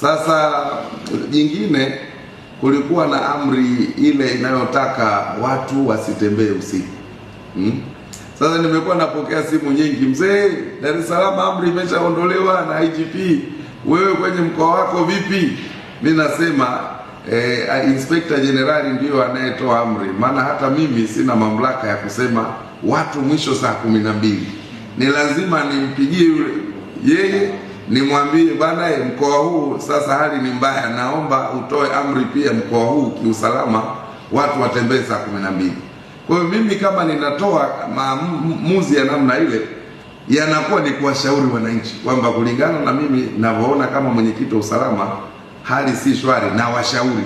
Sasa jingine, kulikuwa na amri ile inayotaka watu wasitembee usiku hmm? Sasa nimekuwa napokea simu nyingi, mzee, Dar es Salaam amri imeshaondolewa na IGP, wewe kwenye mkoa wako vipi? Mi nasema eh, Inspector Jenerali ndiyo anayetoa amri, maana hata mimi sina mamlaka ya kusema watu mwisho saa kumi na mbili ni lazima nimpigie yule yeye nimwambie bana, mkoa huu sasa hali ni mbaya, naomba utoe amri pia mkoa huu kiusalama, watu watembee saa kumi na mbili. Kwa hiyo mimi kama ninatoa maamuzi ya namna ile yanakuwa ni kuwashauri wananchi kwamba kulingana na mimi ninavyoona kama mwenyekiti wa usalama, hali si shwari na washauri.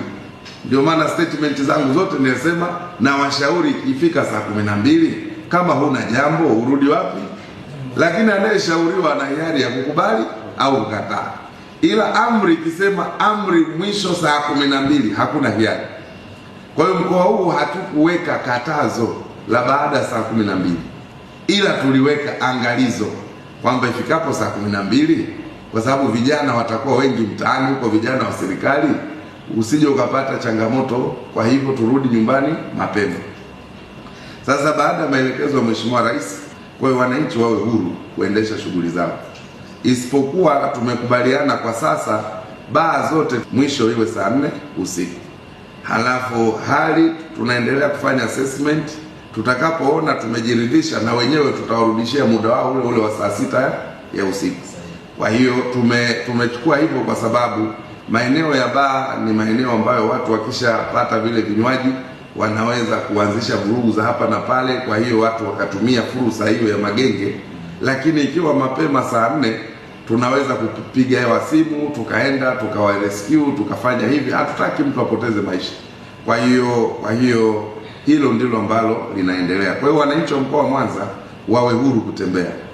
Ndio maana statement zangu zote nilisema na washauri, ikifika saa kumi na mbili kama huna jambo urudi wapi lakini anayeshauriwa ana hiari ya kukubali au kukataa. Ila amri ikisema amri mwisho saa kumi na mbili hakuna hiari. Kwa hiyo mkoa huu hatukuweka katazo la baada ya saa kumi na mbili, ila tuliweka angalizo kwamba ifikapo saa kumi na mbili, kwa sababu vijana watakuwa wengi mtaani huko, vijana wa serikali, usije ukapata changamoto. Kwa hivyo turudi nyumbani mapema. Sasa baada ya maelekezo ya Mheshimiwa Rais kwa hiyo wananchi wawe huru kuendesha shughuli zao, isipokuwa tumekubaliana kwa sasa baa zote mwisho iwe saa nne usiku. Halafu hali tunaendelea kufanya assessment, tutakapoona tumejiridhisha, na wenyewe tutawarudishia muda wao ule ule wa saa sita ya usiku. Kwa hiyo tume tumechukua hivyo kwa sababu maeneo ya baa ni maeneo ambayo watu wakishapata vile vinywaji wanaweza kuanzisha vurugu za hapa na pale, kwa hiyo watu wakatumia fursa hiyo ya magenge. Lakini ikiwa mapema saa nne tunaweza kupiga hewa simu tukaenda rescue tukafanya hivi, hatutaki mtu apoteze maisha. Kwa hiyo kwa hiyo hilo ndilo ambalo linaendelea. Kwa hiyo wananchi wa mkoa wa Mwanza wawe huru kutembea.